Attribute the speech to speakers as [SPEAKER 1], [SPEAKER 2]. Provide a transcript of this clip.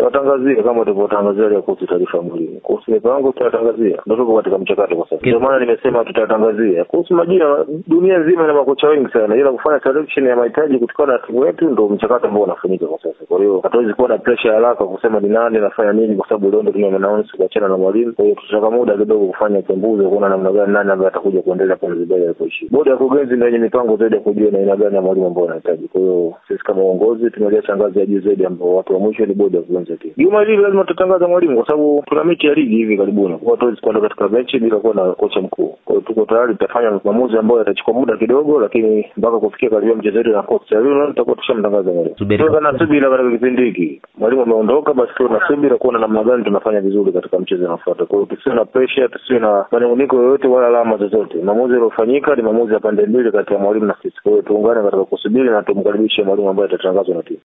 [SPEAKER 1] tutawatangazia kama tulivyotangazia leo kuhusu taarifa mwilini. Kuhusu mipango tutawatangazia, ndio tupo katika mchakato kwa sasa. Ndio maana nimesema tutawatangazia kuhusu majina. Dunia nzima ina makocha wengi sana, ila kufanya selection ya mahitaji kutokana na timu yetu ndio mchakato ambao unafanyika kwa sasa. Kwa hiyo hatuwezi kuwa na pressure haraka kusema ni nani nafanya nini, kwa sababu leo ndio tumeannounce kuachana na mwalimu. Kwa hiyo tutataka muda kidogo kufanya uchambuzi, kuona namna gani nani ambaye atakuja kuendelea kwa Zanzibar alipoishi. Bodi ya kurugenzi ndio yenye mipango zaidi ya kujua ni aina gani ya mwalimu ambao anahitaji. Kwa hiyo sisi kama uongozi tumeliacha ngazi ya juu zaidi, ambao watu wa mwisho ni bodi ya kurugenzi tena. Juma hili lazima tutatangaza mwalimu, kwa sababu tuna mechi ya ligi hivi karibuni, kwa hatuwezi kwenda katika benchi bila kuwa na kocha mkuu. Kwa hiyo tuko tayari, tutafanya maamuzi ambayo yatachukua muda kidogo, lakini mpaka kufikia karibia mchezo wetu na kocha yule, tutakuwa tushamtangaza mwalimu. Na subira katika kipindi hiki, mwalimu ameondoka, basi tuwe na subira kuona namna gani tunafanya vizuri katika mchezo unaofuata. Kwa hiyo tusiwe na pressure, tusiwe na manunguniko yoyote wala alama zozote. Maamuzi yaliyofanyika ni maamuzi ya pande mbili kati ya mwalimu na sisi. Kwa hiyo tuungane katika kusubiri na tumkaribishe mwalimu ambaye atatangazwa na timu.